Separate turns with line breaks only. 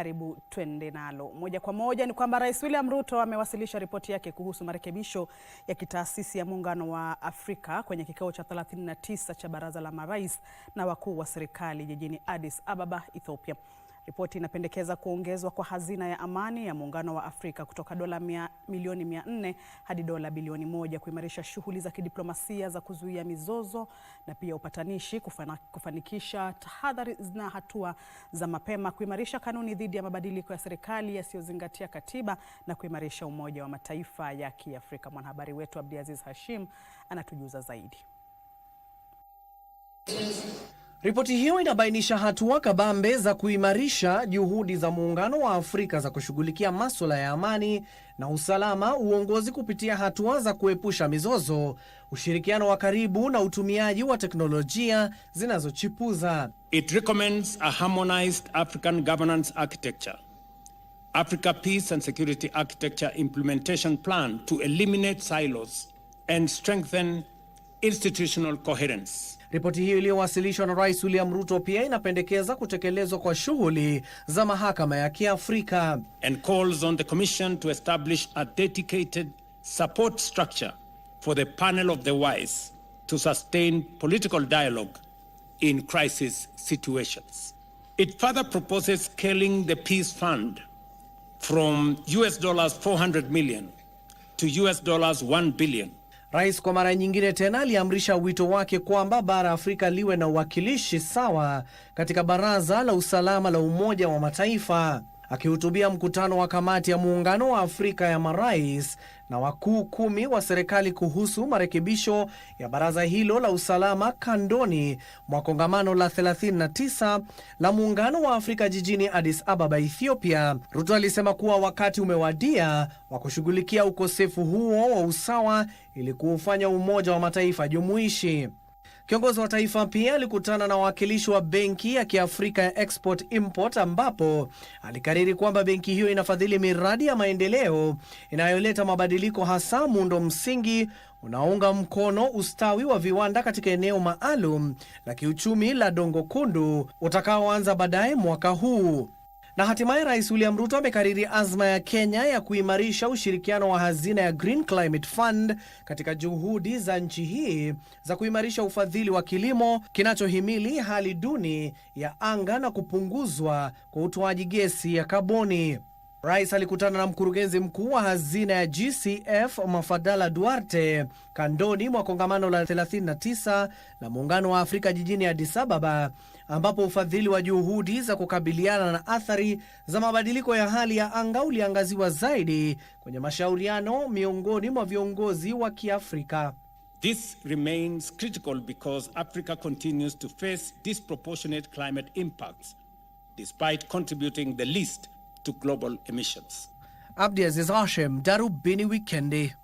karibu twende nalo moja kwa moja ni kwamba Rais William Ruto amewasilisha ripoti yake kuhusu marekebisho ya kitaasisi ya Muungano wa Afrika kwenye kikao cha 39 cha Baraza la Marais na Wakuu wa Serikali jijini Addis Ababa, Ethiopia. Ripoti inapendekeza kuongezwa kwa hazina ya amani ya Muungano wa Afrika kutoka dola mia, milioni 400 hadi dola bilioni moja kuimarisha shughuli za kidiplomasia za kuzuia mizozo na pia upatanishi, kufana, kufanikisha tahadhari na hatua za mapema, kuimarisha kanuni dhidi ya mabadiliko ya serikali yasiyozingatia katiba na kuimarisha Umoja wa Mataifa ya Kiafrika. Mwanahabari wetu Abdiaziz Hashim anatujuza zaidi. Ripoti hiyo inabainisha hatua kabambe za kuimarisha juhudi za Muungano wa Afrika za kushughulikia maswala ya amani na usalama, uongozi kupitia hatua za kuepusha mizozo, ushirikiano wa karibu na utumiaji wa teknolojia zinazochipuza.
It recommends a harmonized African governance architecture, Africa Peace and Security Architecture implementation plan to eliminate silos and strengthen institutional coherence.
Ripoti hiyo iliyowasilishwa na Rais William Ruto pia inapendekeza kutekelezwa kwa shughuli za mahakama ya Kiafrika
and calls on the commission to establish a dedicated support structure for the panel of the wise to sustain political dialogue in crisis situations. It further proposes scaling the peace fund from US dollars 400 million to US dollars 1 billion
Rais kwa mara nyingine tena aliamrisha wito wake kwamba bara Afrika liwe na uwakilishi sawa katika Baraza la Usalama la Umoja wa Mataifa. Akihutubia mkutano wa kamati ya muungano wa Afrika ya marais na wakuu kumi wa serikali kuhusu marekebisho ya baraza hilo la usalama kandoni mwa kongamano la 39 la muungano wa Afrika jijini Addis Ababa, Ethiopia, Ruto alisema kuwa wakati umewadia wa kushughulikia ukosefu huo wa usawa ili kuufanya Umoja wa Mataifa jumuishi. Kiongozi wa taifa pia alikutana na wawakilishi wa benki ya Kiafrika ya Export Import, ambapo alikariri kwamba benki hiyo inafadhili miradi ya maendeleo inayoleta mabadiliko, hasa muundo msingi unaounga mkono ustawi wa viwanda katika eneo maalum la kiuchumi la Dongo Kundu utakaoanza baadaye mwaka huu. Na hatimaye Rais William Ruto amekariri azma ya Kenya ya kuimarisha ushirikiano wa hazina ya Green Climate Fund katika juhudi za nchi hii za kuimarisha ufadhili wa kilimo kinachohimili hali duni ya anga na kupunguzwa kwa utoaji gesi ya kaboni. Rais alikutana na mkurugenzi mkuu wa hazina ya GCF Mafadala Duarte kandoni mwa kongamano la 39 la Muungano wa Afrika jijini Addis Ababa ambapo ufadhili wa juhudi za kukabiliana na athari za mabadiliko ya hali ya anga uliangaziwa zaidi kwenye mashauriano miongoni mwa viongozi wa Kiafrika.
This remains critical because Africa continues to face disproportionate climate impacts despite contributing the least to global emissions.
Abdi Aziz Hashim, Darubini Wikendi.